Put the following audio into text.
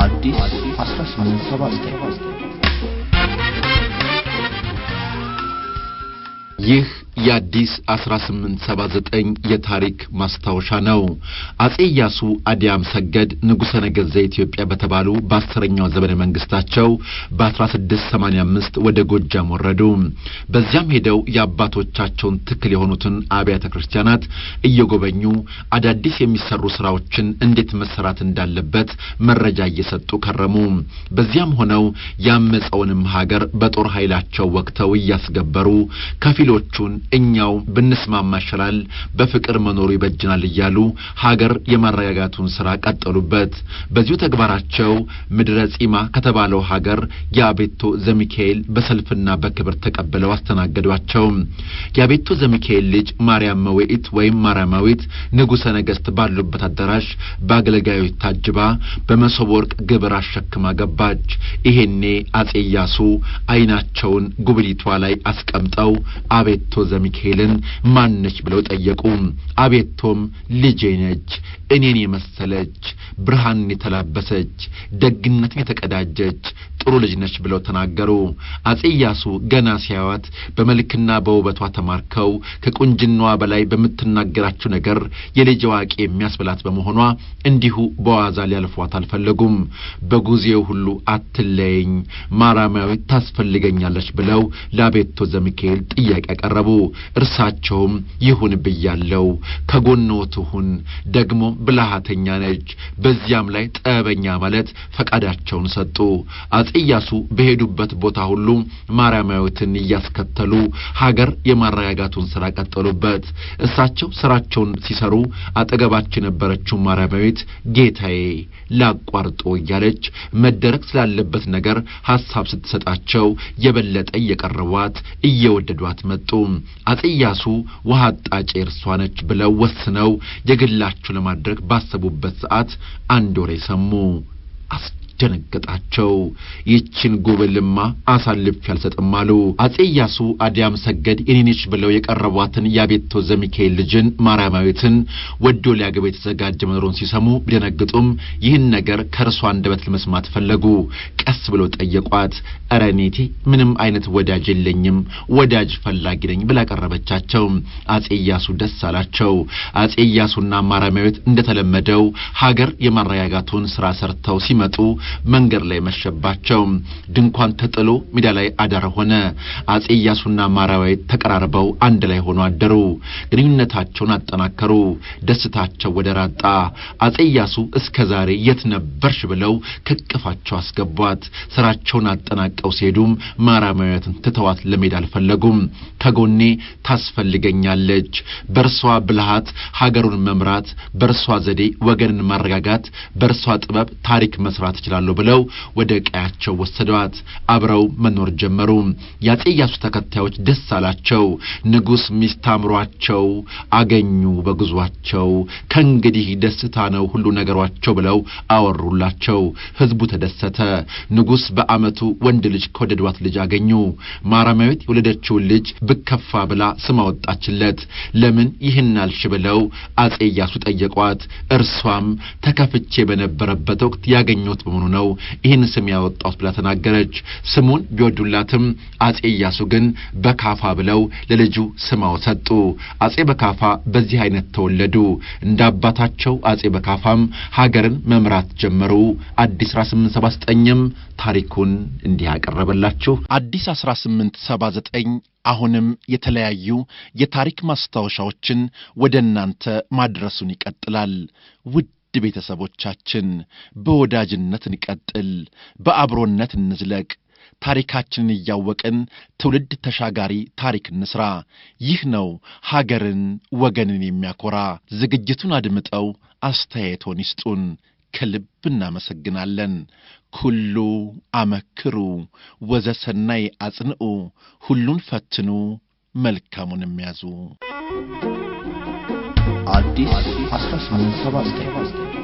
አዲስ ይህ የአዲስ 1879 የታሪክ ማስታወሻ ነው። አጼ ኢያሱ አዲያም ሰገድ ንጉሠ ነገሥት ዘኢትዮጵያ በተባሉ በአስረኛው ዘመነ መንግስታቸው በ1685 ወደ ጎጃም ወረዱ። በዚያም ሄደው የአባቶቻቸውን ትክል የሆኑትን አብያተ ክርስቲያናት እየጎበኙ አዳዲስ የሚሰሩ ስራዎችን እንዴት መሰራት እንዳለበት መረጃ እየሰጡ ከረሙ። በዚያም ሆነው ያመፀውንም ሀገር በጦር ኃይላቸው ወቅተው እያስገበሩ ከፊሎቹን እኛው ብንስማማ ይሻላል፣ በፍቅር መኖሩ ይበጅናል እያሉ ሀገር የማረጋጋቱን ስራ ቀጠሉበት። በዚሁ ተግባራቸው ምድረ ጺማ ከተባለው ሀገር የአቤቶ ዘሚካኤል በሰልፍና በክብር ተቀብለው አስተናገዷቸው። የአቤቶ ዘሚካኤል ልጅ ማርያም መዌኢት ወይም ማርያማዊት ንጉሠ ነገሥት ባሉበት አዳራሽ በአገልጋዮች ታጅባ በመሶብ ወርቅ ግብር አሸክማ ገባች። ይሄኔ አጼ ኢያሱ አይናቸውን ጉብሊቷ ላይ አስቀምጠው አቤቶ ዘ ሚካኤልን ማነች ብለው ጠየቁ። አቤቶም ልጄ ነች እኔን የመሰለች ብርሃን የተላበሰች ደግነትን የተቀዳጀች ጥሩ ልጅ ነች ብለው ተናገሩ። አጼ ኢያሱ ገና ሲያዩት በመልክና በውበቷ ተማርከው ከቁንጅናዋ በላይ በምትናገራቸው ነገር የልጅ አዋቂ የሚያስበላት በመሆኗ እንዲሁ በዋዛ ሊያልፏት አልፈለጉም። በጉዜው ሁሉ አትለየኝ፣ ማራማዊ ታስፈልገኛለች ብለው ለአቤቶ ዘሚካኤል ጥያቄ ያቀረቡ፣ እርሳቸውም ይሁን ብያለው፣ ከጎንዎ ትሁን፣ ደግሞ ብልሃተኛ ነች በዚያም ላይ ጠበኛ ማለት ፈቃዳቸውን ሰጡ። አፄ ኢያሱ በሄዱበት ቦታ ሁሉ ማርያማዊትን እያስከተሉ ሀገር የማረጋጋቱን ስራ ቀጠሉበት። እሳቸው ስራቸውን ሲሰሩ አጠገባቸው የነበረችው ማርያማዊት ጌታዬ ላቋርጦ እያለች መደረግ ስላለበት ነገር ሀሳብ ስትሰጣቸው የበለጠ እየቀረቧት እየወደዷት መጡ። አፄ ኢያሱ ውሃ አጣጭ እርሷ ነች ብለው ወስነው የግላችሁ ለማድረግ ባሰቡበት ሰዓት andore sammu as አስደነገጣቸው። ይችን ጎበልማ አሳልፍ ያልሰጥም አሉ። አጼ ኢያሱ አዲያም ሰገድ የኔነች ብለው የቀረቧትን የአቤቶ ዘሚካኤል ልጅን ማርያማዊትን ወዶ ሊያገባ የተዘጋጀ መኖሩን ሲሰሙ ቢደነግጡም ይህን ነገር ከእርሷ አንደበት ለመስማት ፈለጉ። ቀስ ብለው ጠየቋት። እረ እኔቴ ምንም አይነት ወዳጅ የለኝም፣ ወዳጅ ፈላጊ ነኝ ብላ ቀረበቻቸው። አጼ ኢያሱ ደስ አላቸው። አጼ ኢያሱና ማርያማዊት እንደተለመደው ሀገር የማረጋጋቱን ስራ ሰርተው ሲመጡ መንገድ ላይ መሸባቸው። ድንኳን ተጥሎ ሜዳ ላይ አዳር ሆነ። አጼ ኢያሱና ማራዊ ተቀራርበው አንድ ላይ ሆኖ አደሩ። ግንኙነታቸውን አጠናከሩ። ደስታቸው ወደ ራጣ አጼ ኢያሱ እስከ ዛሬ የት ነበርሽ ብለው ከቅፋቸው አስገቧት። ስራቸውን አጠናቀው ሲሄዱም ማራማዊትን ትተዋት ለሜዳ አልፈለጉም። ከጎኔ ታስፈልገኛለች። በእርሷ ብልሃት ሀገሩን መምራት፣ በእርሷ ዘዴ ወገንን ማረጋጋት፣ በእርሷ ጥበብ ታሪክ መስራት ይችላል አደርጋለሁ ብለው ወደ ቀያቸው ወሰዷት። አብረው መኖር ጀመሩ። የአፄ ኢያሱ ተከታዮች ደስ አላቸው። ንጉሥ ሚስት አምሯቸው አገኙ በጉዟቸው። ከእንግዲህ ደስታ ነው ሁሉ ነገሯቸው ብለው አወሩላቸው። ህዝቡ ተደሰተ። ንጉሥ በዓመቱ ወንድ ልጅ ከወደዷት ልጅ አገኙ። ማራማዊት የወለደችውን ልጅ ብከፋ ብላ ስም አወጣችለት። ለምን ይህን አልሽ ብለው አፄ ኢያሱ ጠየቋት። እርሷም ተከፍቼ በነበረበት ወቅት ያገኘሁት በመሆኑ በመሆኑ ነው ይህን ስም ያወጣሁት ብላ ተናገረች። ስሙን ቢወዱላትም አጼ ኢያሱ ግን በካፋ ብለው ለልጁ ስማው ሰጡ። አጼ በካፋ በዚህ አይነት ተወለዱ። እንደ አባታቸው አጼ በካፋም ሀገርን መምራት ጀመሩ። አዲስ 1879ም ታሪኩን እንዲህ ያቀረበላችሁ አዲስ 1879 አሁንም የተለያዩ የታሪክ ማስታወሻዎችን ወደ እናንተ ማድረሱን ይቀጥላል። ውድ ውድ ቤተሰቦቻችን በወዳጅነት እንቀጥል፣ በአብሮነት እንዝለቅ። ታሪካችንን እያወቅን ትውልድ ተሻጋሪ ታሪክ እንስራ። ይህ ነው ሀገርን ወገንን የሚያኮራ። ዝግጅቱን አድምጠው አስተያየቶን ይስጡን። ከልብ እናመሰግናለን። ኩሉ አመክሩ ወዘሰናይ አጽንዑ፣ ሁሉን ፈትኑ መልካሙን ያዙ። This was Pastor Simon Sabastek.